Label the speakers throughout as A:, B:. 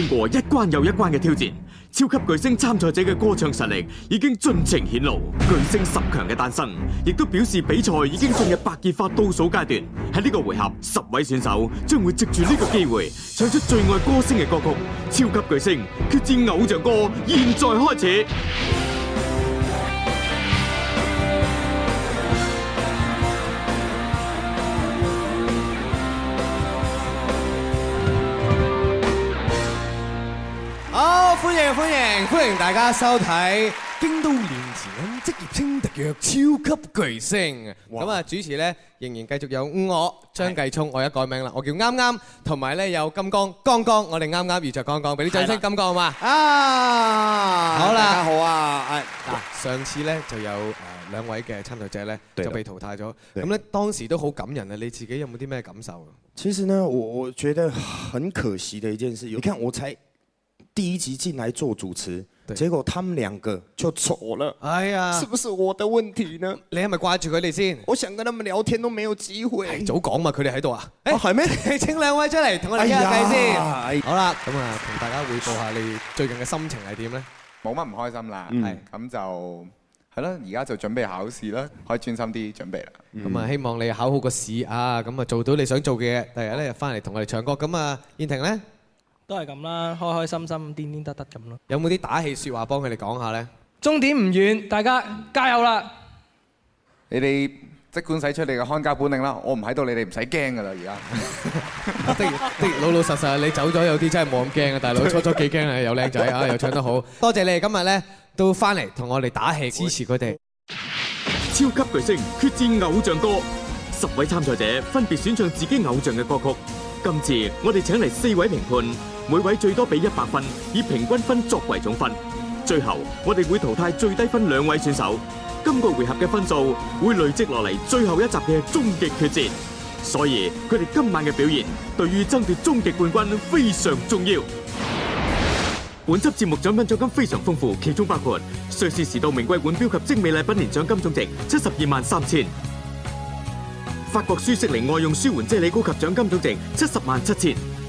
A: 經過一關又一關嘅挑戰，超級巨星參賽者嘅歌唱實力已經盡情顯露，巨星十強嘅誕生亦都表示比賽已經進入白熱化倒數階段。喺呢個回合，十位選手將會藉住呢個機會唱出最愛歌星嘅歌曲。超級巨星決戰偶像歌，現在開始。
B: 歡迎歡迎歡迎大家收睇《
C: 京都念慈庵職業青提藥超
D: 級巨
B: 星》。咁啊主持咧仍然繼續有我張繼聰，我一改名啦，我叫啱啱。同埋咧有金剛剛剛，我哋啱啱遇着剛剛，俾啲掌聲金剛好嘛？啊！好啦，大家好啊。嗱、啊，上次咧就有兩位嘅參賽者咧就被淘汰咗。咁咧當時都好感人啊！你自己有冇啲咩感受？
E: 其實呢，我我覺得很可惜嘅一件事。你看，我猜。第一集進來做主持，結果他們兩個就走了。哎呀，是不是我的問題呢？你係咪掛住佢哋先？我想跟他們聊天都冇機會。哎、早
B: 講嘛，佢哋喺度啊？誒、欸，係咩？ 請兩
E: 位出嚟同我哋一齊計、哎、先。
B: 哎、好啦，咁啊，同大家匯報一下你最近嘅心情係點咧？冇乜唔開心啦，係、嗯、咁就係咯。而家就準備考試啦，可以專心啲準備啦。咁、嗯、啊、嗯，希望你考好個試啊，咁啊做到你想做嘅嘢，第日咧就翻嚟同我哋唱歌。咁啊，燕婷咧？
F: 都係咁啦，開開心心、癲癲得得咁咯。
B: 有冇啲打氣説話幫佢哋講下咧？
F: 終
G: 點唔遠，大家加油啦！
B: 你哋即管使出你嘅看家本領啦，我唔喺度，你哋唔使驚噶啦，而家即即老老實實。你走咗有啲真係冇咁驚㗎。大佬，初初幾驚啊，有靚仔啊，又唱得好。多謝你哋今日咧都翻嚟同我哋打氣支持佢哋。
A: 超級巨星決戰偶像歌，十位參賽者分別選唱自己偶像嘅歌曲。今次我哋請嚟四位評判。每位最多俾一百分，以平均分作為總分。最後我哋會淘汰最低分兩位選手。今個回合嘅分數會累積落嚟，最後一集嘅終極決戰。所以佢哋今晚嘅表現對於爭奪終極冠軍非常重要。本輯節目獎品獎金非常豐富，其中包括瑞士時度名貴腕表及精美禮品，年獎金總值七十二萬三千；法國舒適靈外用舒緩啫喱膏及獎金總值七十萬七千。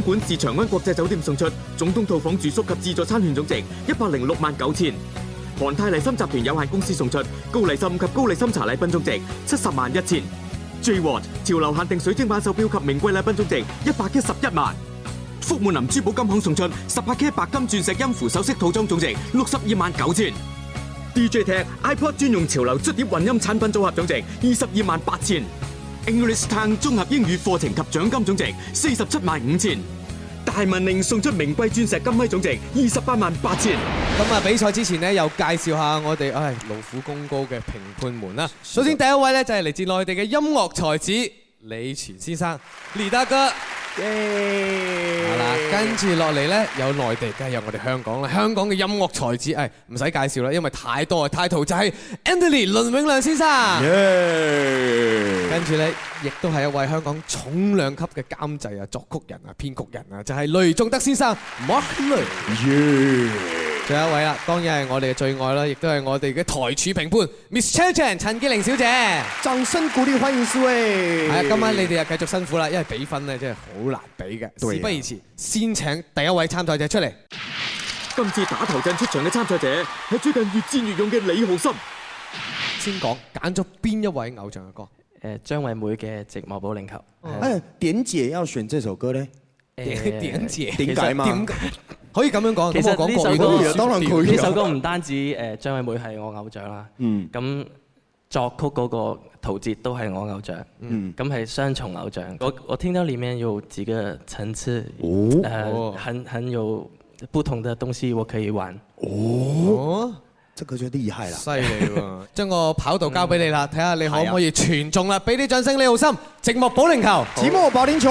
A: 東莞市長安國際酒店送出總統套房住宿及自助餐券總值一百零六萬九千。韓泰麗參集團有限公司送出高麗參及高麗參茶禮賓總值七十萬一千。J Watch 潮流限定水晶版手錶及名貴禮賓總值一百一十一萬。福滿林珠寶金行送出十八 K 白金鑽石音符首飾套裝總值六十二萬九千。DJ Tech iPod 專用潮流搓碟混音產品組合總值二十二萬八千。English Town 綜合英語課程及獎金總值四十七萬五千，
B: 大文令送出名貴鑽石金徽總值二十八萬八千。咁啊，比賽之前呢，又介紹下我哋唉，勞苦功高嘅評判們啦。首先第一位呢就係嚟自內地嘅音樂才子。李泉先生，李大哥，耶、yeah.！好啦，跟住落嚟咧，有內地，梗係有我哋香港啦。香港嘅音樂才子，唔、哎、使介紹啦，因為太多啊，太突就係 Anthony 倫永亮先生，耶！跟住咧，亦都係一位香港重量級嘅監製啊、作曲人啊、編曲人啊，就係、是、雷仲德先生 Mark 雷，耶、yeah.！第一位啦，當然係我哋嘅最愛啦，亦都係我哋嘅台柱評判 Miss Chan 陳潔玲小姐，掌聲鼓勵歡迎四位。係啊，今晚你哋啊繼續辛苦啦，因為比分咧真係好難比嘅、啊。事不宜遲，先請第一位參賽者出嚟。今次打頭陣出場嘅參賽者係最近
F: 越戰越勇嘅李浩森。先講揀咗邊一位偶像嘅歌？誒，張惠妹嘅《寂寞保齡球》嗯。誒、欸，點姐要選這首歌咧、欸？點姐點解嘛？可以咁樣講，其實呢首歌，當然佢呢首歌唔單止誒張惠妹係我偶像啦，咁作曲嗰個陶喆都係我偶像，咁、嗯、係、嗯、雙重偶像。嗯、我我聽到裡面有幾個層次，誒、哦呃，很很有不同的東西，我可以玩。
C: 哦，哦
F: 哦即係佢有啲厲害啦！犀利喎，
B: 將個跑道交俾你啦，睇、嗯、下你可唔可以全中啦！俾啲掌聲，李浩森，寂寞保齡球，寂寞保齡球。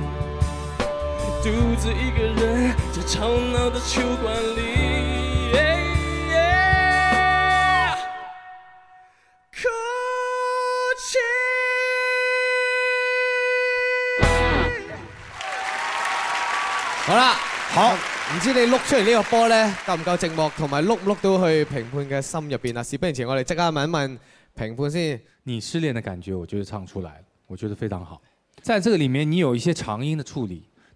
H: 獨自一個人在吵鬧的球
B: 館裏 yeah, yeah, 好啦，好，唔知你碌出嚟呢個波呢，夠唔夠寂寞，同埋碌唔碌到去評判嘅心入邊啊？事不宜遲，我哋即刻問一問評判先。
I: 你失戀的感覺，我覺得唱出來，我覺得非常好。在這個裏面，你有一些長音的處理。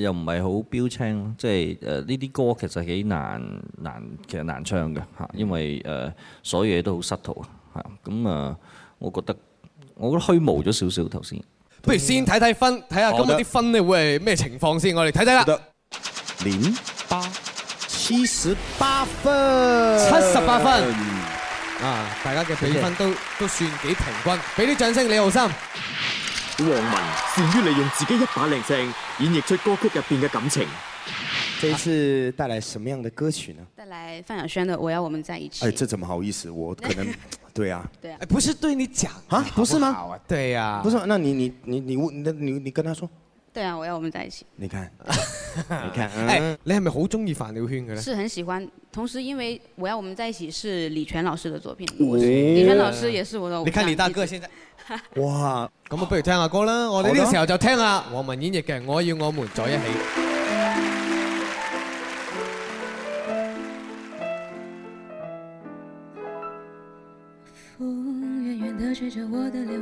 G: 又唔係好標青，即係誒呢啲歌其實幾難難，其實難唱嘅嚇，因為誒、呃、所有嘢都好失途啊嚇，咁啊，我覺得我覺得虛無咗少少頭先。
B: 不如先睇睇分，睇、嗯、下今日啲分咧會係咩情況先，我哋睇睇啦。
G: 年
E: 八七十八分，
B: 七十八分、2? 啊！大家嘅比分都謝謝都算幾平均，俾啲掌聲李浩森。
E: 黃文善於利用自己一把鈴聲演繹出歌曲入邊嘅感情。這一次帶來什麼樣的歌曲呢？帶
J: 來范曉萱的《我要我們在一起》欸。哎，這
E: 怎麼好意思？我可能 對啊。
J: 對啊。哎，不是對你講
E: 啊，不是嗎好不好，啊？對啊，不是，那你你你你問，你你，你，你，你跟他說。
J: 對啊，我要我們在一起。
E: 你看， 你看， 哎，你係咪好中意范曉萱嘅呢？是
J: 很喜歡，同時因為我要我們在一起是李泉老師的作品，哎、李泉老師也是我的，我你看你
B: 我的。你睇李大哥先在哇，咁啊，不如聽下歌啦。 我哋呢時候就聽下黃文演繹嘅《我要我們在一起》
K: yeah.。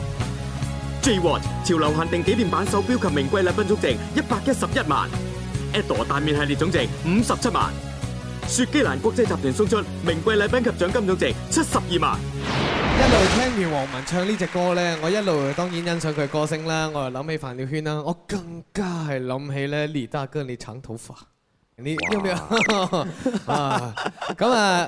A: J Watch 潮流限定紀念版手錶及名貴禮品總值一百一十一萬，Edo 大麵系列總值五十七萬，雪肌蘭國際集團送出名貴禮品及獎金總值七十二萬。
B: 一路聽完黃文唱呢隻歌咧，我一路當然欣賞佢嘅歌聲啦。我又諗起范曉萱啦，我更加係諗起咧，李大哥你長頭髮，你要唔要啊？咁啊！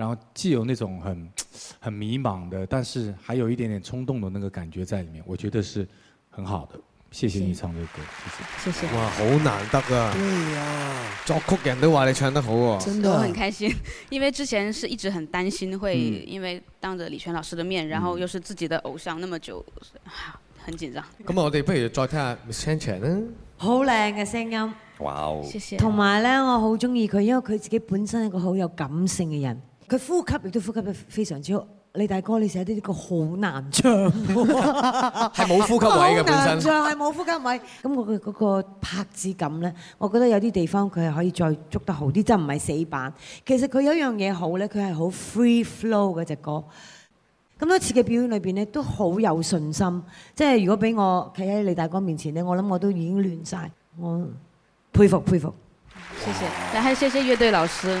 I: 然後既有那種很很迷茫的，但是還有一點點衝動的那個感覺在裏面，我覺得是很好的。謝謝你唱呢個歌，謝謝，謝，謝、啊。哇，好難得啊！對、
B: 哎、
I: 啊，作曲人都話你唱得好啊！真的、啊，很
J: 開心，因為之前是一直很擔心會、嗯、因為當着李泉老師的面，然後又是自己的偶像那麼久，很緊張。
B: 咁、嗯、我哋不如再聽下 Michael
L: 好靚嘅聲音，哇哦！謝謝、啊。同埋咧，我好中意佢，因為佢自己本身係一個好有感性嘅人。佢呼吸亦都呼吸得非常之好。李大哥，你寫啲啲歌好難唱,、啊、 難唱，係 冇呼吸位嘅本身。唱係冇呼吸位。咁我嘅嗰個拍子感咧，我覺得有啲地方佢係可以再捉得好啲，即係唔係死板。其實佢有一樣嘢好咧，佢係好 free flow 嗰隻、這個、歌。咁多次嘅表演裏邊咧，都好有信心。即、就、係、是、如果俾我企喺李大哥面前咧，我諗我都已經亂晒。我佩服佩服。
J: 謝謝，但係謝謝樂隊老師。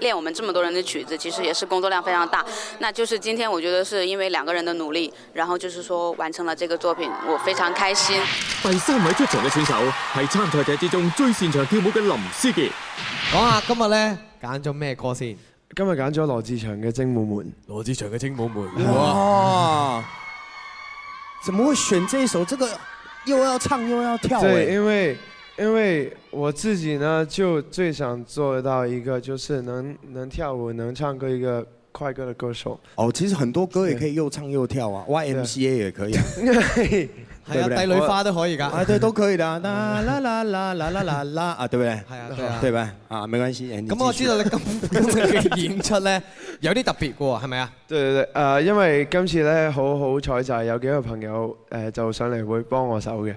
J: 練我們這麼多人的曲子，其實也是工作量非常大。那就是今天，我覺得是因為兩個人的努力，然後就是說完成了這個作品，我非常開心。
B: 第三位出場嘅選手係參賽者之中最擅長跳舞嘅林思傑。講下今日呢，揀咗咩歌先？今日揀咗羅志祥嘅《精舞門》。羅志祥嘅《精舞門》哇！
E: 怎麼會選這一首？這個又要唱又要跳。
B: 對，
M: 因為。因為我自己呢就最想做到一個，就是能能跳舞、能唱歌一個快歌的歌手。
E: 哦，其實很多歌也可以
M: 又唱又跳啊，Y M C A 也可以，係啊 ，
E: 帝女花都可以噶，啊，對，都可以的，啦啦啦啦啦啦啦，啦啦啦啦啦 啊，對唔對？係啊，對啊，對
M: 唔對？啊，沒關係。咁我知
B: 道你今今次嘅演出咧 有啲特別喎，係咪啊？
M: 對對對，誒、呃，因為今次咧好好彩就係有幾個朋友誒就上嚟會幫我手嘅。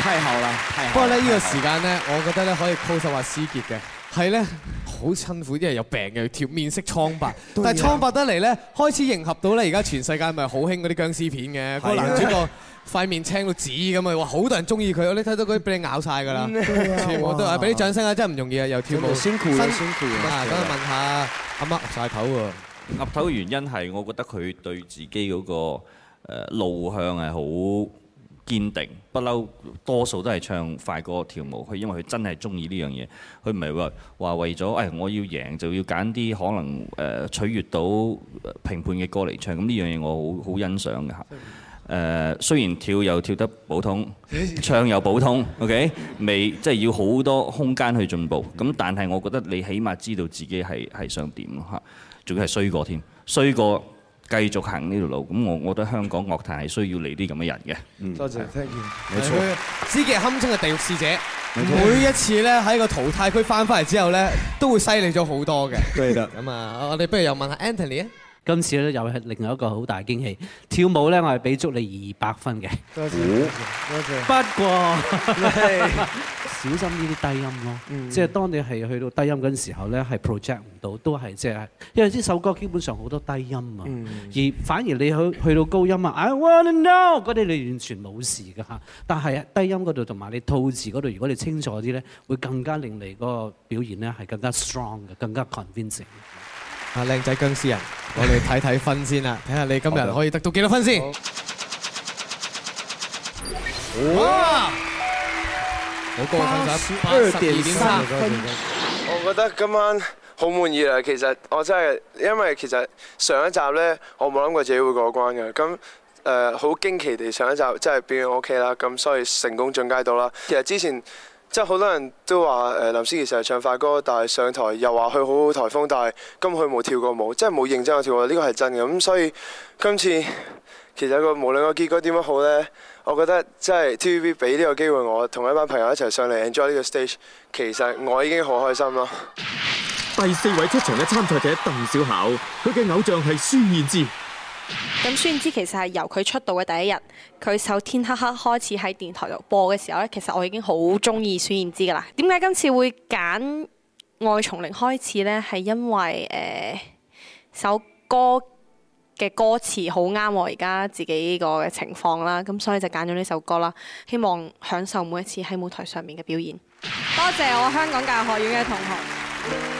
B: 太好啦！不過呢，呢、呢個時間咧，我覺得咧可以 pose 下思傑嘅，係咧好辛苦，因為有病嘅跳，面色蒼白，但係蒼白得嚟咧，開始迎合到咧，而家全世界咪好興嗰啲僵屍片嘅，嗰個男主角塊面青到紫咁啊！哇，好多人中意佢，我哋睇到佢俾你咬晒㗎啦，了全部都啊，俾啲掌聲啊！真係唔容易啊，又跳舞，有辛苦辛苦啊！啊，我問下阿媽，媽，岌曬頭喎，
G: 岌頭嘅原因係，我覺得佢對自己嗰個誒路向係好。堅定不嬲，多數都係唱快歌跳舞，佢因為佢真係中意呢樣嘢，佢唔係話話為咗誒、哎、我要贏就要揀啲可能誒、呃、取悅到評判嘅歌嚟唱，咁呢樣嘢我好好欣賞嘅嚇。誒、呃、雖然跳又跳得普通， 唱又普通，OK，未即係要好多空間去進步。咁但係我覺得你起碼知道自己係係想點咯嚇，仲要係衰過添，衰過。繼續行呢條路，咁我我覺得香港樂壇係需要嚟啲咁嘅人嘅。嗯，
I: 多謝，thank you。冇錯，
B: 知己堪稱嘅地獄使者，每一
G: 次咧喺個淘汰區翻翻嚟之後咧，
N: 都會犀利咗好多嘅。對啦，咁啊，我哋不如又問下 Anthony 啊。今次咧又係另外一個好大驚喜，跳舞咧我係俾足你二百分嘅。多謝，謝，多謝，謝。不過謝謝 小心呢啲低音咯，即、嗯、係、即係、當你係去到低音嗰陣時候咧，係 project 唔到，都係即係，因為呢首歌基本上好多低音啊、嗯。而反而你去去到高音啊，I want to know 嗰啲你完全冇事㗎吓。但係低音嗰度同埋你吐字嗰度，如果你清楚啲咧，會更加令你嗰個表現咧係更加 strong 嘅，更加 convincing。啊，靚仔殭屍人，我哋睇睇分先啦，
B: 睇下你今日可以得到幾多分先。
I: 哇！
B: 好高分啊，八十二點分。
M: 我覺得今晚好滿意啊，其實我真係，因為其實上一集咧，我冇諗過自己會過關嘅，咁誒好驚奇地上一集真係變咗 OK 啦，咁所以成功進階到啦。其實之前。即係好多人都話誒林思琪成日唱快歌，但係上台又話佢好好台風，但係根本佢冇跳過舞，即係冇認真去跳過，呢個係真嘅。咁所以今次其實個無論個結果點樣好呢，我覺得即係 TVB 俾呢個機會我同一班朋友一齊上嚟 enjoy 呢個 stage，其實我已經好開心咯。
A: 第四位出場嘅參賽者鄧小巧，佢嘅偶像係孫燕姿。
D: 咁孫燕姿其實係由佢出道嘅第一日，佢首天黑黑開始喺電台度播嘅時候咧，其實我已經好中意孫燕姿噶啦。點解今次會揀愛從零開始呢？係因為誒、呃、首歌嘅歌詞好啱我而家自己個嘅情況啦，咁所以就揀咗呢首歌啦。希望享受每一次喺舞台上面嘅表演。多謝我香港教育學院嘅同學。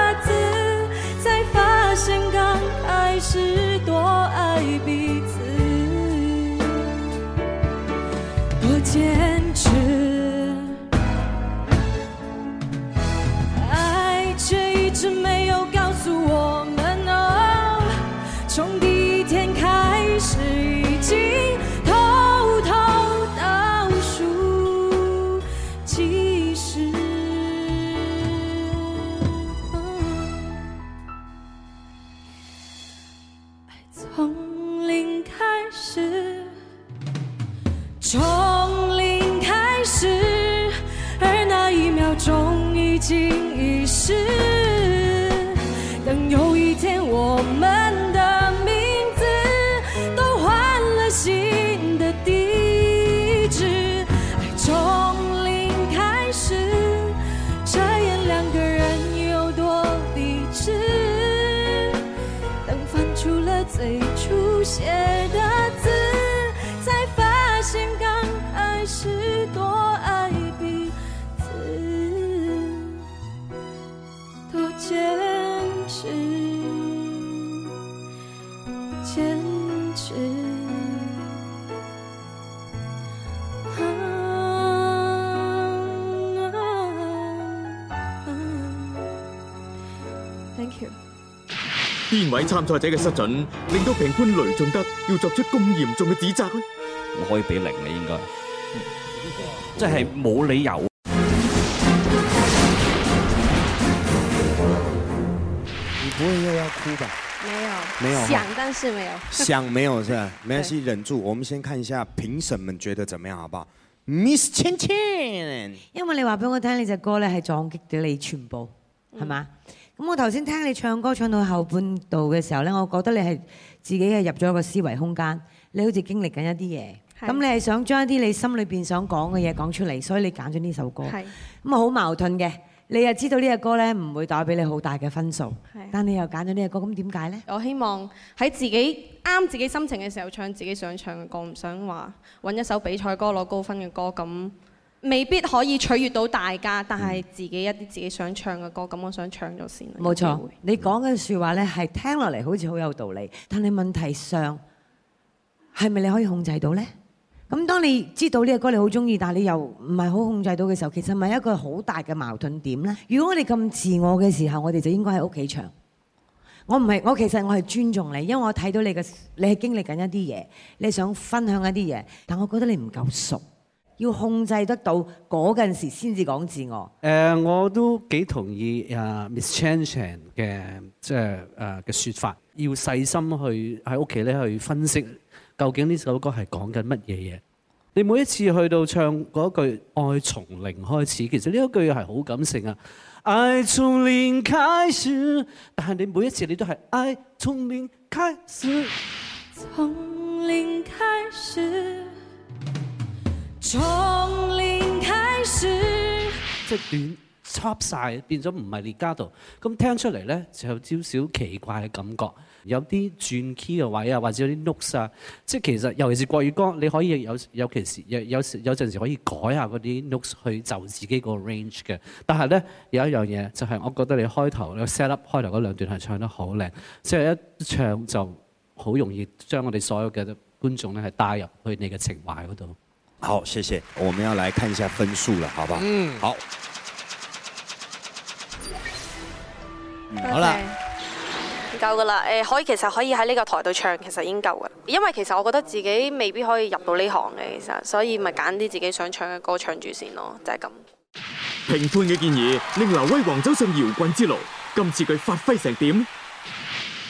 A: 邊位參賽者嘅失準令到評判雷仲德要作出咁嚴重嘅指責？唔，我可以俾零
G: 你應該，即係冇理由。你不會又要哭吧？
O: 沒
L: 有，沒有，想但是沒有，
E: 想沒有是吧？沒關係，忍住。我們先看一下評審們
L: 覺得怎麼樣，好不好？Miss 芊芊，因為你話俾我聽，你隻歌咧係撞擊咗你全部，係、嗯、嘛？咁我頭先聽你唱歌唱到後半度嘅時候呢，我覺得你係自己係入咗個思維空間，你好似經歷緊一啲嘢，咁你係想將一啲你心裏邊想講嘅嘢講出嚟，所以你揀咗呢首歌。咁啊好矛盾嘅，你又知道呢隻歌呢唔會帶俾你好大嘅分數，但你又揀咗呢隻歌，咁點解呢？
D: 我希望喺自己啱自己的心情嘅時候唱自己想唱嘅歌，唔想話揾一首比賽歌攞高分嘅歌咁。未必可以取悅到大家，但係自己一啲自己想唱嘅歌，咁我想唱咗先。冇
L: 錯，你講嘅說話咧，係聽落嚟，好似好有道理，但係問題上係咪你可以控制到咧？咁當你知道呢個歌你好中意，但係你又唔係好控制到嘅時候，其實係一個好大嘅矛盾點咧。如果我哋咁自我嘅時候，我哋就應該喺屋企唱。我唔係，我其實我係尊重你，因為我睇到你嘅，你係經歷緊一啲嘢，你想分享一啲嘢，但我覺得你唔夠熟。要控制得到嗰陣時先至講自我、呃。誒，我
N: 都幾同意啊，Miss Chang Chen 嘅即係、呃、誒嘅説法，要細心去喺屋企咧去分析究竟呢首歌係講緊乜嘢嘢。你每一次去到唱嗰句愛從零開始，其實呢一句係好感性啊。愛從零開始，但係你每一次你都係愛從零開始，從零開始。始，即短 top 晒，變咗唔係列加度，咁聽出嚟咧就有少少奇怪嘅感覺，有啲轉 key 嘅位啊，或者有啲 notes 啊，即其實尤其是國語歌，你可以有其有，有，有時有有陣時可以改下嗰啲 notes 去就自己個 range 嘅。但係咧有一樣嘢就係、是，我覺得你開頭你 set up 開頭嗰兩段係唱得好靚，即係一唱就好容易將我哋所有嘅觀眾咧係帶入去你嘅情懷嗰度。
E: 好，謝謝，我們要來看一下分數了，好吧？嗯，好，okay. 好了，
D: 夠噶啦，誒、呃，可以，其實可以喺呢個台度唱，其實已經夠噶啦，因為其實我覺得自己未必可以入到呢行嘅，其實，所以咪揀啲自己想唱嘅歌唱住先咯，就係、是、咁。
A: 評判嘅建議令劉威王走上搖滾之路，今次佢發揮成點？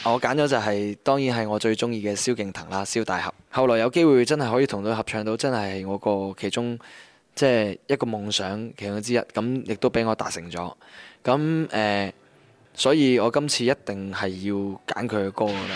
F: 我揀咗就係、是、當然係我最中意嘅蕭敬騰啦，蕭大俠。後來有機會真係可以同佢合唱到，真係我個其中即係、就是、一個夢想其中之一，咁亦都俾我達成咗。咁、呃、所以我今次一定係要揀佢嘅歌噶啦。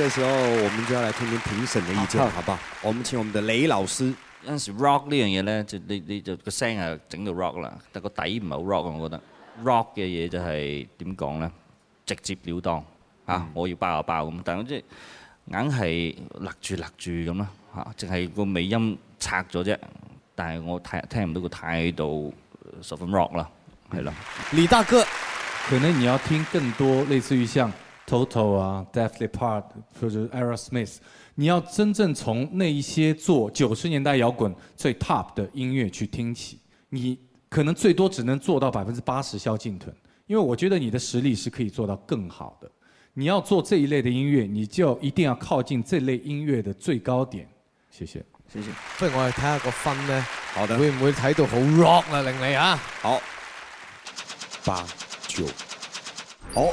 E: 這
G: 時候我們就要來聽聽評審的意見，啊嗯、好吧？我們請我們的李老師。有陣時 rock 呢樣嘢呢，就你你就個聲啊整到 rock 啦，但個底唔係好 rock 我覺得。rock 嘅嘢就係點講呢？直接了當啊！我要爆就爆咁，但係即係硬係勒住勒住咁啦，吓，淨係個尾音拆咗啫。但係我聽聽唔到個態度十分 rock 啦，係啦。李大哥，可能你要聽更多類似於像。
I: Toto 啊，Def Leppard 或者 Aerosmith，你要真正從那一些做九十年代搖滾最 top 的音樂去聽起，你可能最多只能做到百分之八十蕭敬騰，因為我覺得你的實力是可以做到更好的。你要做這一類的音樂，你就一定要靠近這類音樂的最高點。謝謝，謝謝。不如我哋睇下個分咧，會唔會睇到好 rock 啊，玲麗啊？
B: 好，
E: 八九，好。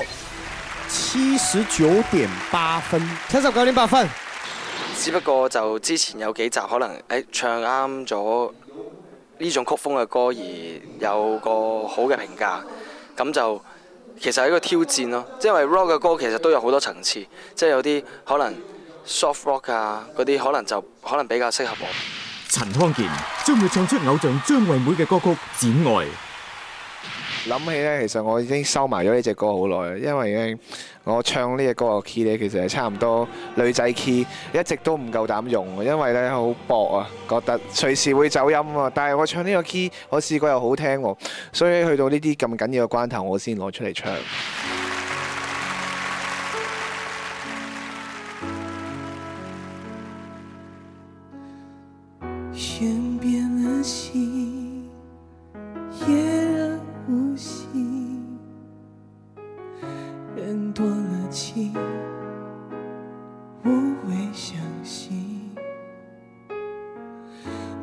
E: 七十九點八分，七十九點八分。
F: 只不過就之前有幾集可能，誒唱啱咗呢種曲風嘅歌而有個好嘅評價，咁就其實係一個挑戰咯。即係因為 rock 嘅歌其實都有好多層次，即係有啲可能 soft rock 啊嗰啲可能就可能比較適合我。
M: 陳康健
A: 將會唱出偶像張惠妹嘅歌曲《剪愛》。
M: 諗起咧，其實我已經收埋咗呢隻歌好耐，因為咧我唱呢隻歌嘅 key 咧，其實係差唔多女仔 key，一直都唔夠膽用，因為咧好薄啊，覺得隨時會走音啊。但係我唱呢個 key，我試過又好聽喎，所以去到呢啲咁緊要嘅關頭，我先攞出嚟唱。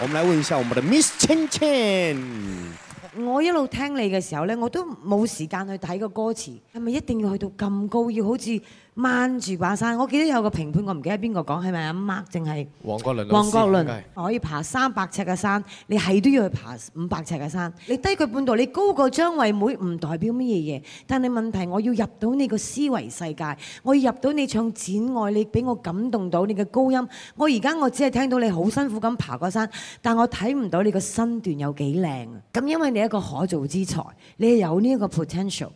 E: 我們來問一下我們的 Miss 青青，
L: 我一路聽你嘅時候，我都冇時間去睇個歌詞，係咪一定要去到咁高，要好似？慢住，把山，我記得有個評判，我唔記得邊個講，係咪阿 Mark 定係
B: 黃國倫老師？黃國倫
L: 可以爬三百尺嘅山，你係都要去爬五百尺嘅山。你低佢半度，你高過張惠妹唔代表乜嘢嘢？但係問題，我要入到你個思維世界，我要入到你唱《剪愛》，你俾我感動到你嘅高音。我而家我只係聽到你好辛苦咁爬過山，但我睇唔到你個身段有幾靚。咁因為你一個可造之才，你係有呢一個 potential。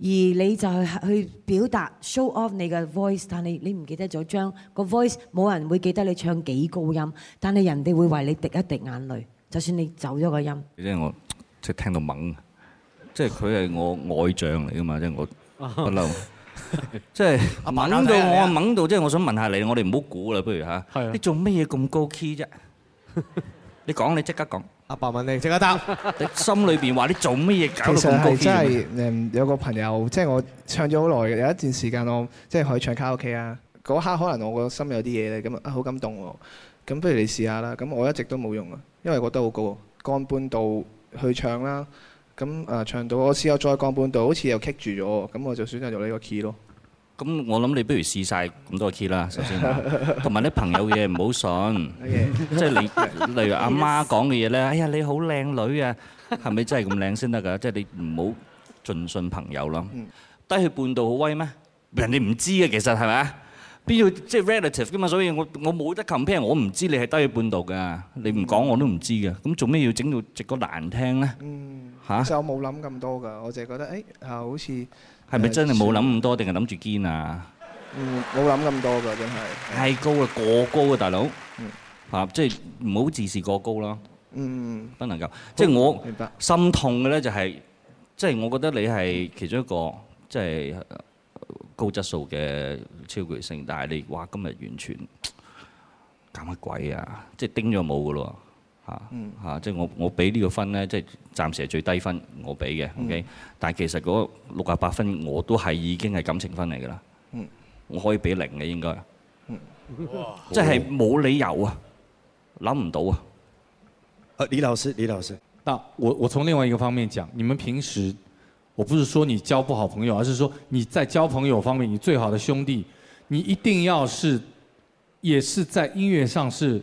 L: 而你就係去表達 show off 你嘅 voice，但係你你唔記得咗將個 voice，冇人會記得你唱幾高音，但係人哋會為你滴一滴眼淚，就算你走咗個音。
G: 即係我即係聽到懵，即係佢係我愛將嚟噶嘛，即係我不嬲即係懵到我，懵到即係我想問下你，我哋唔好估啦，不如吓？係。你做咩嘢咁高 key 啫？你講，你即刻講。阿伯問你，即刻答，你心裏邊話你做乜嘢搞到咁高 key？其實係真
M: 係，嗯，有個朋友，即係我唱咗好耐嘅，有一段時間我即係可以唱卡拉 OK 啊。嗰刻可能我個心有啲嘢咧，咁啊好感動喎。咁不如你試下啦。咁我一直都冇用啊，因為我覺得好高，降半度去唱啦。咁啊唱到我試下再降半度，好似又棘住咗。咁我就選擇用呢個 key 咯。
G: 咁我諗你不如試曬咁多 key 啦，首先，同埋啲朋友嘅嘢唔好信，即係你例如阿媽講嘅嘢咧，哎呀你好靚女啊，係咪真係咁靚先得㗎？即係你唔好盡信朋友咯。低佢半度好威咩？人哋唔知嘅其實係咪啊？必要即係 relative 㗎嘛？所以我我冇得 compare，我唔知你係低佢半度㗎，你唔講我都唔知嘅。咁做咩要整到直個難聽咧？嗯，嚇！就我冇
M: 諗咁多㗎，我淨係覺得誒，好似～
G: 係咪真係冇諗咁多，定係諗住堅啊？嗯，冇諗咁多噶，真係係高啊，過高啊，大佬。嗯。啊，即係唔好自視過高咯。嗯嗯。不能夠，即係我心痛嘅咧，就係即係我覺得你係其中一個即係高質素嘅超巨星，但係你話今日完全搞乜鬼啊？即係叮咗冇噶咯。嗯、啊，嚇、就是！即係我我俾呢個分咧，即、就、係、是、暫時係最低分我俾嘅，OK？但係其實嗰六十八分我都係已經係感情分嚟㗎啦。嗯，我可以俾零嘅應該。哇！
H: 即係
G: 冇理由啊，諗唔到啊！李老師，李老師。嗱，我我從另外一個方面講，你們
I: 平時，我不是說你交不好朋友，而是說你在交朋友方面，你最好的兄弟，你一定要是，也是在音樂上是。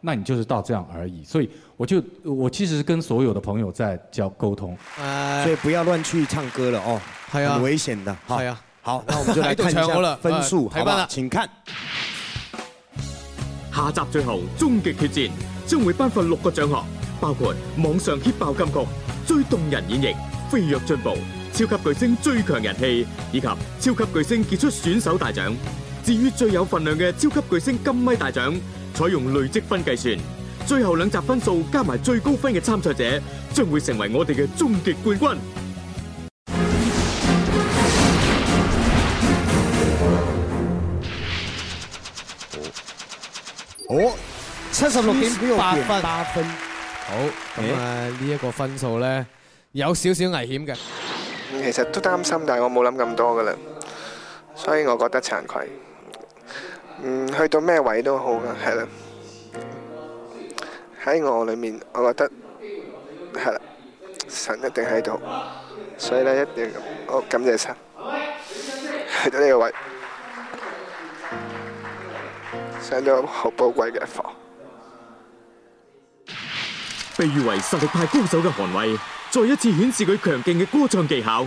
I: 那你就是到這樣而已，所以我就我其實是跟所有的朋友在交溝通，
E: 所以不要亂去唱歌了哦，係啊，很危險的，好，那我們就來看一下分數，好吧，請看，
A: 下集最後終極決戰將會頒發六個獎項，包括網上 hit 爆金曲、最動人演繹、飛躍進步、超級巨星最強人氣以及超級巨星傑出選手大獎，至於最有分量嘅超級巨星金咪大獎。採用累積分計算，最後兩集分數加埋最高分嘅參賽者將會成為我哋嘅終極冠軍。
E: 我七
B: 十六點八分，八分。好，咁啊呢一個分數咧有少少危險嘅，
M: 其實都擔心，但係我冇諗咁多㗎喇，所以我覺得慚愧。嗯，去到咩位都好噶，係啦。喺我裏面，我覺得係啦，神一定喺度，所以咧一定要。我，感謝神，去到呢個位，上咗好寶貴嘅一課。
E: 被譽為實力派歌手嘅韓衛，再一次顯示佢強勁嘅歌唱技巧。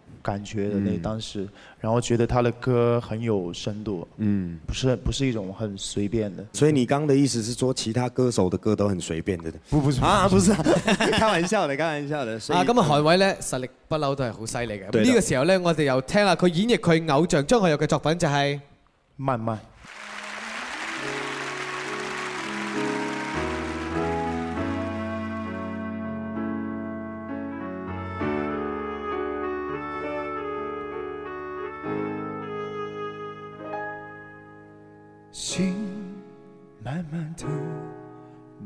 P: 感覺的那當時、嗯，然後覺得他的歌很有深度，嗯，不是不是一種很
E: 隨便的。所以你剛剛的意思是說其他歌手的歌都很隨便的，不不是啊不是
B: 開玩笑的開玩笑的。啊咁啊，韓偉咧實力不嬲都係好犀利嘅。呢個時候咧，我哋又聽下佢演繹佢偶像張學友嘅作品，就係《慢慢》。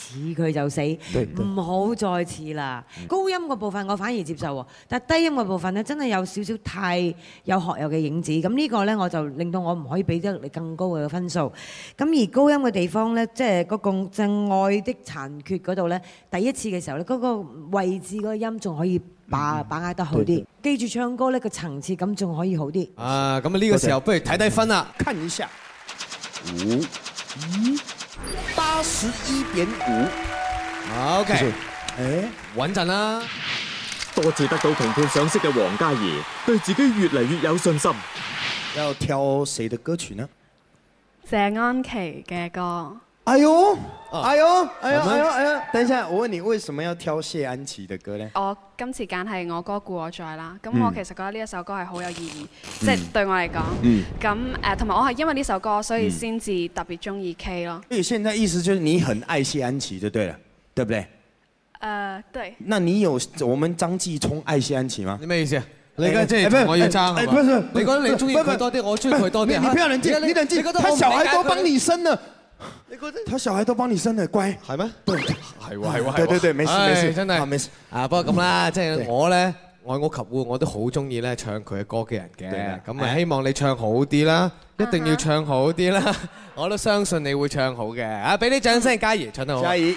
L: 似佢就死，唔好再似啦。高音個部分我反而接受喎，但低音個部分呢，真係有少少太有學友嘅影子。咁呢個呢，我就令到我唔可以俾得你更高嘅分數。咁而高音嘅地方呢、那個，即係個共即係愛的殘缺嗰度呢，第一次嘅時候呢，嗰個位置個音仲可以把把握得好啲，記住唱歌呢個層次感仲可以好啲、嗯。
B: 啊，咁呢個時候不如睇低分啦。看一下，五，
E: 一。八十一點五
A: ，OK，誒，穩陣啦。多次得到評判賞識嘅黃嘉
E: 怡，對自己越嚟越有信心。要挑誰的歌曲呢？
Q: 謝安琪嘅歌。
R: 哎呦，
E: 哎呦，哎呦哎呦哎呦、哎、等一下，我問你為什麼要挑謝安琪的歌呢？
Q: 我今次揀係我哥故我在啦，咁我其實覺得呢一首歌係好有意義，嗯、即係對我嚟講，咁、嗯、誒，同、嗯、埋、啊、我係因為呢首歌所以先至特別中意 K 咯。所
E: 以現在意思就是你很愛謝安琪就對了，對不對？誒、呃，對。那你有我們張繼聰愛謝安琪嗎？你咩意思、啊？你、欸欸
B: 欸、你覺得你中意佢多啲，我中意佢多啲。你不要冷靜，你冷靜，他小孩都幫
E: 你生啦。你覺得？睇上去都幫你身啊，貴係咩？都係
B: 喎，係喎，係喎，對對對，沒事沒事，真係冇事。啊，不過咁啦，即係我咧愛屋及烏，我都好中意咧唱佢嘅歌嘅人嘅。咁啊，希望你唱好啲啦，一定要唱好啲啦。我都相信你會唱好嘅。啊，俾啲掌聲，嘉怡唱得好。嘉怡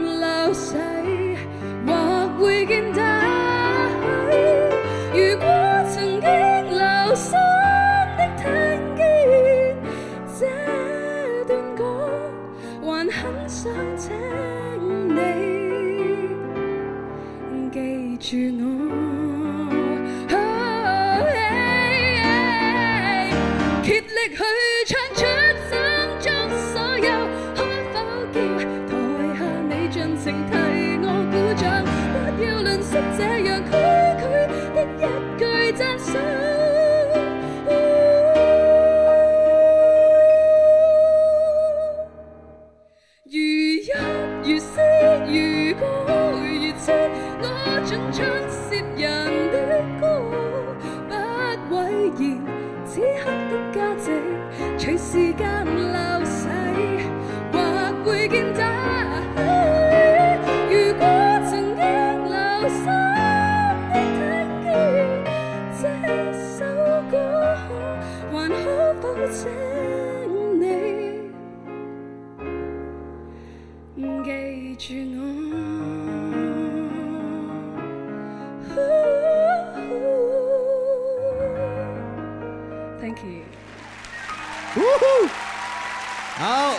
Q: 好，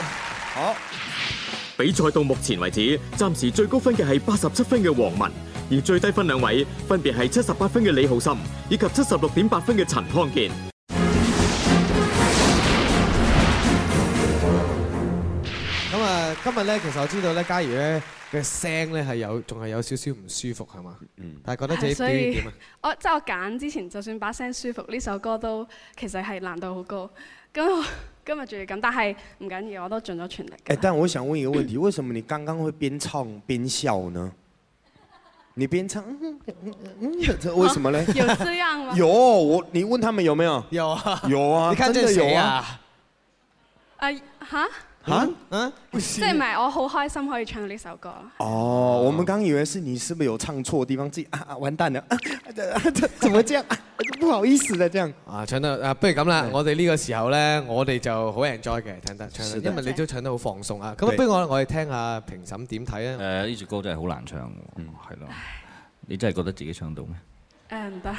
A: 好。比賽到目前為止，暫時最高分嘅係八十七分嘅黃文，而最低分兩位分別係七十八分嘅李浩森，以及七十六點八分嘅陳康健。
B: 咁啊，今日咧，其實我知道咧，嘉儀咧嘅聲咧係有，仲係有少少唔舒服係嘛，嗯，但係覺得自己
Q: 表演點啊？我即係我揀之前，就算把聲舒服，呢首歌都其實係難度好高。咁今日仲要咁，但係唔緊要，我都盡咗全力，
E: 那個欸。但我想問一個問題，為什麼你剛剛會邊唱邊笑呢？你邊唱？嗯嗯嗯、為什麼呢、哦、有這樣嗎？有我，你問他們有沒有？有啊，有啊，你睇這呢、啊、有啊！
Q: 啊？嚇！啊，即係唔係？我好開心可以唱到呢首歌。
E: 哦，我們剛以為是你，是不是有唱錯嘅地方？自己啊啊，完蛋了！啊啊、怎麼這樣、啊？不好意思的，這樣。啊，唱得啊，不如咁啦，我哋呢個
B: 時候咧，我哋就好 enjoy 嘅，聽得唱，因為你都唱得好放鬆啊。咁啊，不如我我哋聽下
G: 評審點睇啊？誒，呢支歌真係好難唱，嗯，係咯，你真係覺得自己唱到咩？誒、
Q: 呃、唔得，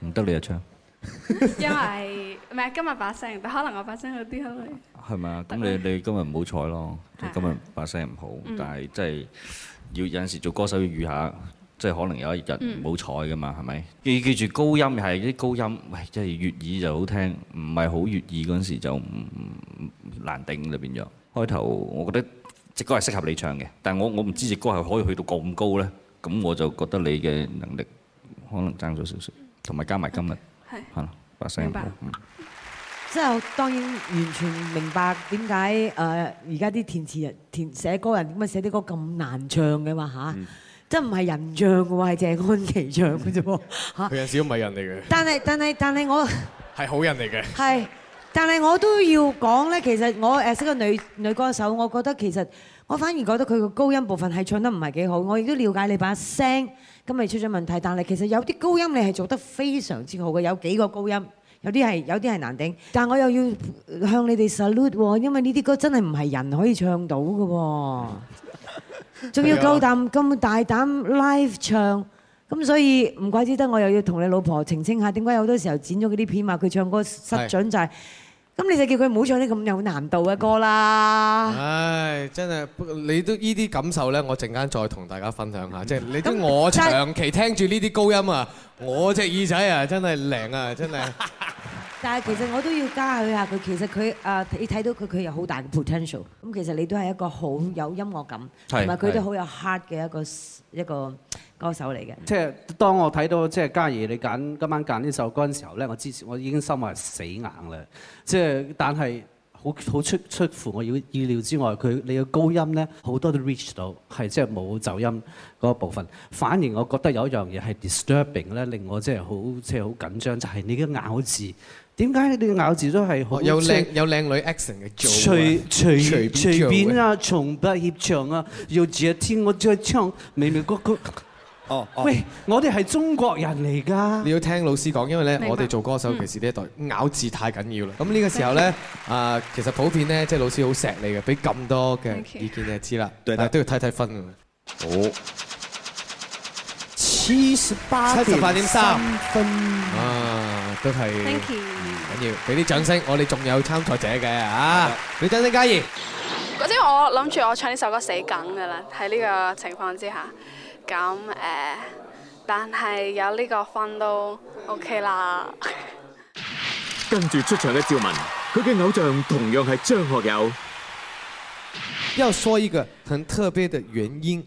G: 唔得你阿唱。
Q: 因為唔係今日
G: 把聲，可能我把聲好啲，可能係咪啊？咁你你今日唔好彩咯，就今日把聲唔好，但係真係要有陣時做歌手要遇下，即係可能有一日唔好彩噶嘛？係咪，記記住高音係啲高音，喂、哎，即係悅耳就好、是、聽，唔係好悅耳嗰陣時就難頂啦。變咗開頭我覺得隻歌係適合你唱嘅，但係我我唔知隻歌係可以去到咁高呢。咁我就覺得你嘅能力可能差咗少少，同、嗯、埋加埋今日。嗯係，把聲嗯。
L: 即係我當然完全明白點解誒而家啲填詞人填寫歌人點解寫啲歌咁難唱嘅嘛嚇？即係唔係人唱嘅喎，係謝安琪唱嘅啫喎。佢有
B: 時都唔係人嚟嘅。
L: 但係但係但係我
B: 係好人嚟嘅。
L: 係，但係我都要講咧。其實我誒識個女女歌手，我覺得其實，我反而覺得佢個高音部分係唱得唔係幾好，我亦都了解你把聲咁咪出咗問題，但係其實有啲高音你係做得非常之好嘅，有幾個高音，有啲係有啲係難頂，但我又要向你哋 salute，因為呢啲歌真係唔係人可以唱到嘅，
K: 仲要夠
L: 膽咁大膽 live 唱，咁所以唔怪之得我又要同你老婆澄清下，點解有好多時候剪咗嗰啲片話佢唱歌失準就係、是。咁你就叫佢唔好唱啲咁有難度嘅歌啦。
B: 唉，真係，你都呢啲感受咧，我陣間再同大家分享下，即係你都我長期聽住呢啲高音啊，我隻耳仔啊，真係靈啊，真係。
L: 但係其實我都要嘉許下佢，其實佢誒、呃、你睇到佢佢有好大嘅 potential。咁其實你都係一個好有音樂感，同埋佢都好有 heart 嘅一個一個歌手嚟嘅、就是。即係
N: 當我睇到即係嘉儀你揀今晚揀呢首歌嘅時候咧，嗯、我之前我已經心係死硬啦。即、就、係、是、但係好好出出乎我要意料之外，佢你嘅高音咧好多都 reach 到，係即係冇走音嗰部分。反而我覺得有一樣嘢係 disturbing 咧，令我即係好即係好緊張，就係、是、你嘅咬字。點解你嘅咬字都係好？有靚
B: 有靚女 accent 嘅做啊！隨隨隨便
N: 啊，從不怯場啊！要住一天我再唱，美妙歌曲，哦喂，我哋係中國人嚟㗎。你
B: 要聽老師講，因為咧，我哋做歌手，其實呢一代，咬字太緊要啦。咁呢個時候咧，啊，其實普遍咧，即係老師好錫你嘅，俾咁多嘅意見你就知啦。但都要睇睇分。好。七十八點三
R: 分
B: 啊，都係 Thank you，緊要，俾啲、嗯、掌聲，我哋仲有參賽者嘅啊，俾掌聲加熱。
Q: 嗰啲我諗住我唱呢首歌死梗噶啦，喺呢個情況之下，咁誒、呃，但係有呢個分都 OK 啦。
A: 跟住出場嘅趙文，
B: 佢嘅偶像同樣係張學友。要說一個很特別嘅原因。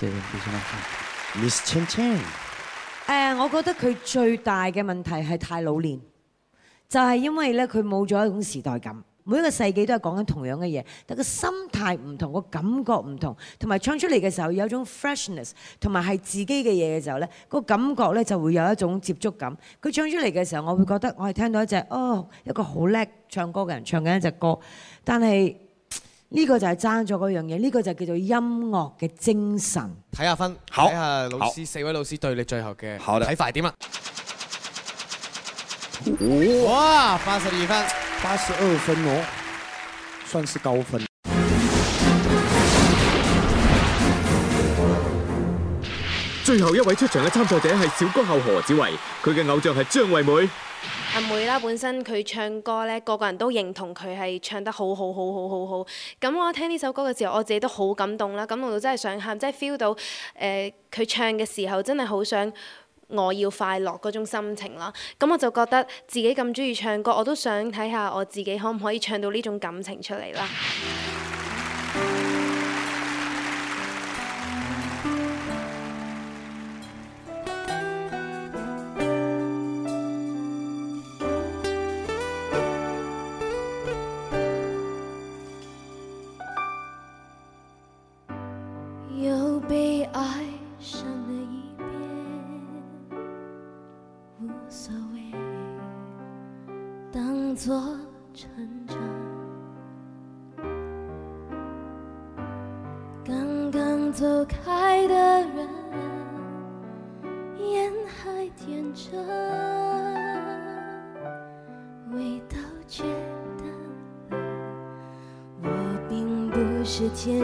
I: 謝謝，Miss Chan。
L: 誒，我覺得佢最大嘅問題係太老練，就係因為咧佢冇咗一種時代感。每一個世紀都係講緊同樣嘅嘢，但個心態唔同，感、不同個感覺唔同，同埋唱出嚟嘅時候有種 freshness，同埋係自己嘅嘢嘅時候咧，個感覺咧就會有一種接觸感。佢唱出嚟嘅時候，我會覺得我係聽到一隻哦一個好叻唱歌嘅人唱緊一隻歌，但係。呢、這個就係爭咗嗰樣嘢，呢、這個就叫做音樂嘅精神。
B: 睇下分，睇下老師四位老師對你最後嘅睇法點啊！
L: 哇，
E: 八十二分，八十二分哦，算是高分。
A: 最後一位出場嘅參賽者係小歌后何子維，佢嘅偶像係張惠妹。
D: 阿妹啦，本身佢唱歌咧，個個人都認同佢係唱得好好好好好好。咁我聽呢首歌嘅時候，我自己都好感動啦，感動到真係想喊，真係 feel 到誒佢，呃、唱嘅時候真係好想我要快樂嗰種心情啦。咁我就覺得自己咁中意唱歌，我都想睇下我自己可唔可以唱到呢種感情出嚟啦。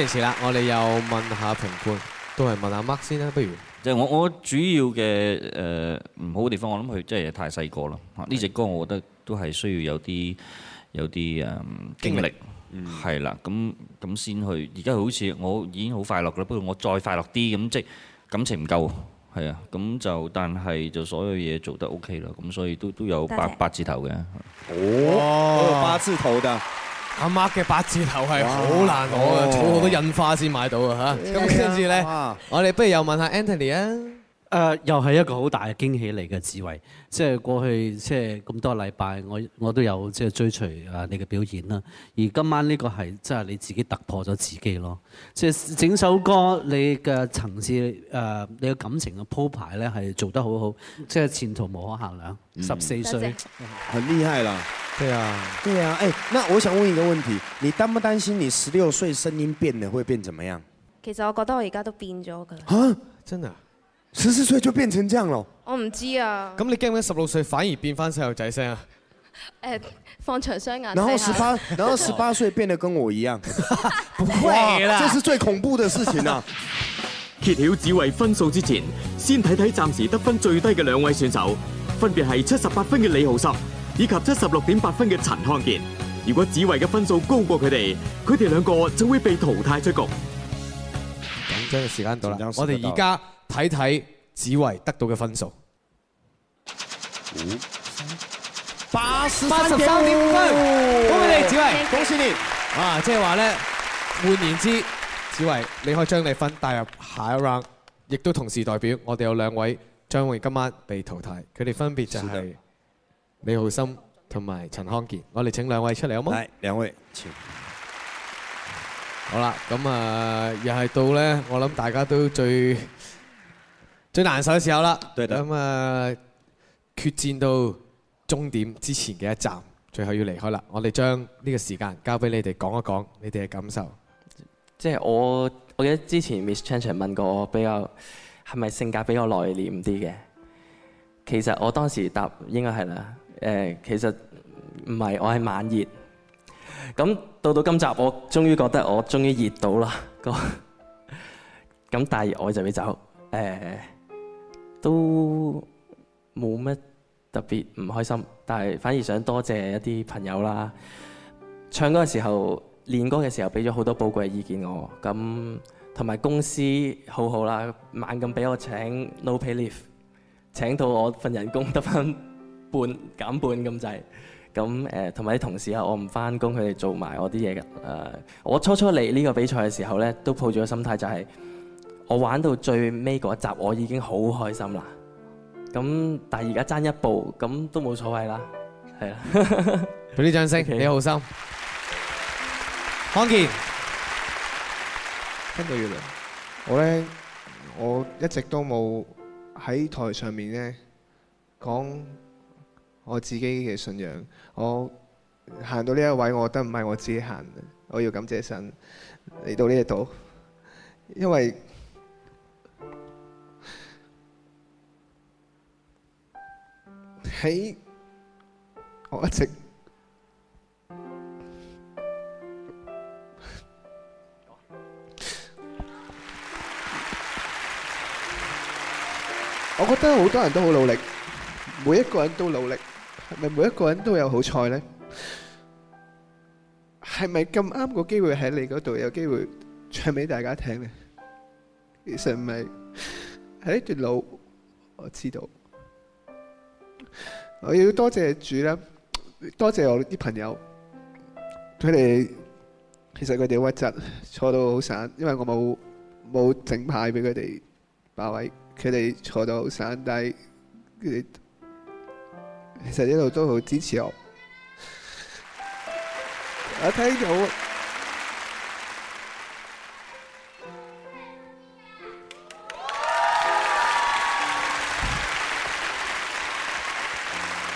G: 冇事啦，我哋又問下評判，都係問下 Mark 先啦，不如，即係我我主要嘅誒唔好嘅地方，我諗佢真係太細個啦。呢隻歌我覺得都係需要有啲有啲誒經歷，係啦。咁咁先去。而家好似我已經好快樂噶啦，不過我再快樂啲咁，即係感情唔夠，係啊。咁就但係就所有嘢做得 OK 啦。咁所以都都有八八字頭嘅。哦，
B: 我有八字頭的。阿 Mark 嘅八字頭係好難攞啊，好、wow. 多
N: 印花先買到啊，咁跟住呢，wow. 我哋不如又問下 Anthony 啊。誒又係一個好大嘅驚喜嚟嘅智慧，即係過去即係咁多禮拜，我我都有即係追隨啊你嘅表演啦。而今晚呢個係即係你自己突破咗自己咯。即係整首歌你嘅層次誒，你嘅感情嘅鋪排咧係做得好好，即係前途無可限量。十四歲，嗯，謝謝，很厲害啦！
E: 對啊，對啊。誒，那我想問一個問題：你擔不擔心你十六歲聲音變了會變怎麼樣？
D: 其實我覺得我而家都變咗㗎。啊，
E: 真的，啊？十四歲就變
B: 成這樣咯，
D: 我唔知啊。
B: 咁你驚唔驚十六歲反而變翻細路仔聲
D: 啊？誒，放長雙眼。然後十八，然後十八
E: 歲變得跟我一樣， 不會啦，這是最恐怖的事情啊！ 揭曉紫慧分數之前，先睇睇暫
A: 時得分最低嘅兩位選手，分別係七十八分嘅李浩森以及七十六點八分嘅陳康健。如果紫慧嘅分數高過佢哋，佢哋兩個就會被淘汰出
B: 局。緊張嘅時間到啦，我哋而家。睇睇紫維得到嘅分數，
E: 八八十三點五分，恭喜你紫維，恭喜你。
B: 啊，即係話咧，換言之，紫維，你可以將你分帶入下一輪，亦都同時代表我哋有兩位將會今晚被淘汰，佢哋分別就係李浩森同埋陳康健。我哋請兩位出嚟好冇？係
E: 兩位，請。
B: 好啦，咁啊，又係到咧，我諗大家都最。最難受嘅時候啦，咁啊決戰到終點之前嘅一站，最後要離開啦。我哋將呢個時間交俾你哋講一講，你哋嘅感受。
F: 即係我，我記得之前 Miss Chang 問過我，比較係咪性格比較內斂啲嘅？其實我當時答應該係啦。誒、呃，其實唔係，我係慢熱。咁到到今集，我終於覺得我終於熱到啦，哥。咁大熱我就要走。誒、呃。都冇乜特別唔開心，但係反而想多謝一啲朋友啦。唱歌嘅時候，練歌嘅時候俾咗好多寶貴嘅意見我，咁同埋公司好好啦，猛咁俾我請 no pay leave，請到我份人工得翻半減半咁滯。咁誒，同埋啲同事啊，我唔翻工，佢哋做埋我啲嘢㗎。誒，我初初嚟呢個比賽嘅時候咧，都抱住個心態就係，我玩到最尾嗰一集，我已經好開心啦。咁但係而家爭一步，咁都冇所謂啦。係啦，俾啲掌聲。好你好心，康健。
M: 聽到月亮，我咧，我一直都冇喺台上面咧講我自己嘅信仰。我行到呢一位，我覺得唔係我自己行，我要感謝神嚟到呢一度，因為。喺我一直，
G: 我
M: 覺得好多人都好努力，每一個人都努力，係咪每一個人都有好彩呢？係咪咁啱個機會喺你嗰度有機會唱畀大家聽呢？其實唔係喺呢段路，我知道。我要多謝主啦，多謝我啲朋友，佢哋其實佢哋屈質坐到好散，因為我冇冇整排俾佢哋霸位，佢哋坐到好散，但係佢哋其實一路都好支持我，我睇到。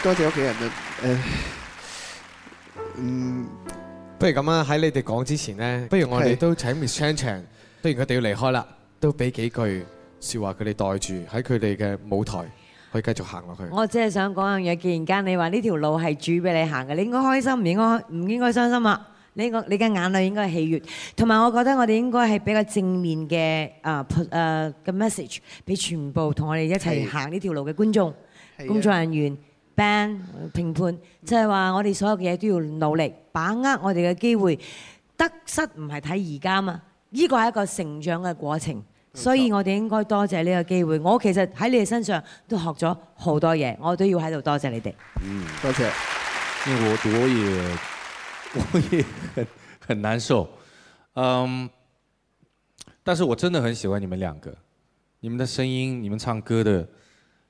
M: 多謝屋企人啊！
K: 誒，嗯，
B: 不如咁啊，喺你哋講之前呢，不如我哋都請 Miss Chan，雖然佢哋要離開啦，都俾幾句説話佢哋袋住，喺佢哋嘅舞台，可以繼續行落去。我
L: 只係想講樣嘢，既然間你話呢條路係主俾你行嘅，你應該開心，唔應該唔應該傷心啊！你個你嘅眼淚應該係喜悅，同埋我覺得我哋應該係比較正面嘅啊誒嘅 message 俾全部同我哋一齊行呢條路嘅觀眾、工作人員。Band 評判，就係話我哋所有嘅嘢都要努力，把握我哋嘅機會。得失唔係睇而家嘛，呢個係一個成長嘅過程，所以我哋應該多謝呢個機會。我其實喺你哋身上都學咗好多嘢，我都要喺度多謝你哋。
M: 嗯，多謝。因為我
I: 我也我也很，很難受，嗯，但是我真的很喜歡你們兩個，你們嘅聲音，你們唱歌的。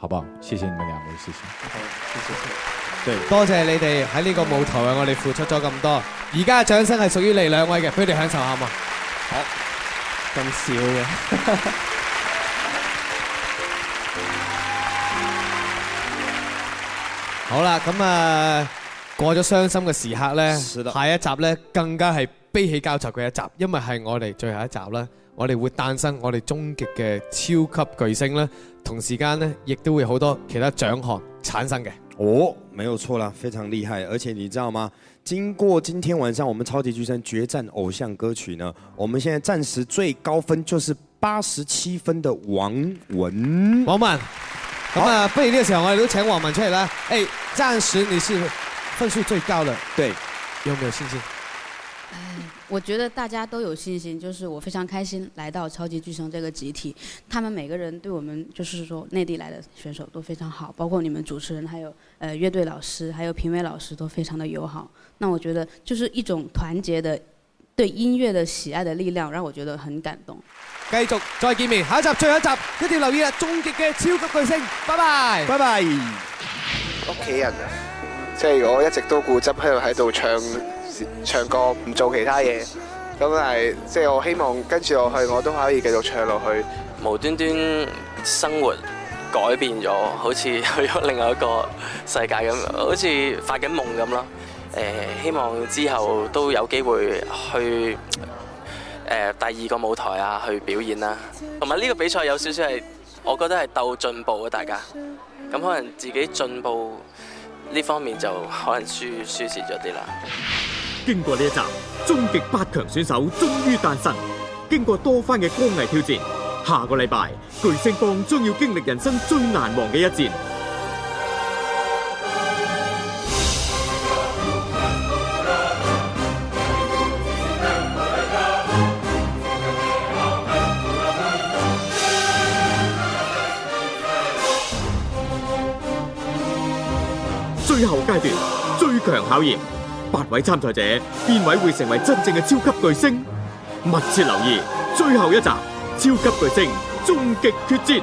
I: 好唔好？多謝你哋喺呢個舞
B: 台為我哋付出咗咁多。而家嘅掌聲係屬於你兩位嘅，畀你哋享受下嘛？好，咁少嘅。好啦，咁啊，過咗傷心嘅時刻咧，下一集咧更加係悲喜交集嘅一集，因為係我哋最後一集啦，我哋會誕生我哋終極嘅超級巨星啦。同時間呢，亦
E: 都會好多其他獎項產生嘅。哦，沒有錯啦，非常厲害。而且你知道嗎？經過今天晚上我們超級巨星決戰偶像歌曲呢，我們現在暫時最高分就是八十七分的王文王曼。咁啊，被列個啊，都請王曼出來啦。誒、hey,，暫時你是分數最
B: 高
C: 的，對，有沒有信心？
J: 我覺得大家都有信心，就是我非常開心來到超級巨星這個集體。他們每個人對我們，就是說，內地來的選手都非常好，包括你們主持人，還有呃樂隊老師，還有評委老師都非常的友好。那我覺得就是一種團結的，對音樂的喜愛的力量，讓我覺得很感動。
B: 繼續再見面，下一集最後一集，一定要留意啊！終極嘅超級巨
J: 星，
M: 拜拜，拜拜。屋企人啊，即係我一直都固執喺度喺度唱，唱歌唔做其他嘢，咁係即係我希望跟住落去，我都可以繼續唱落去。無端端生活改
F: 變咗，好似去咗另外一個世界咁，好似發緊夢咁咯。誒、呃，希望之後都有機會去誒、呃、第二個舞台啊，去表演啦，啊。同埋呢個比賽有少少係，我覺得係鬥進步啊，大家。咁可能自己進步呢方面就可能輸輸蝕咗啲啦。
A: 經過呢一集，終極八強選手終於誕生。經過多番嘅光毅挑戰，下個禮拜巨聲幫將要經歷人生最難忘嘅一戰。最後階段，最強考驗。八位參賽者，邊位會成為真正嘅超級巨星？密切留意
O: 最後一集《超級巨星終極決戰》。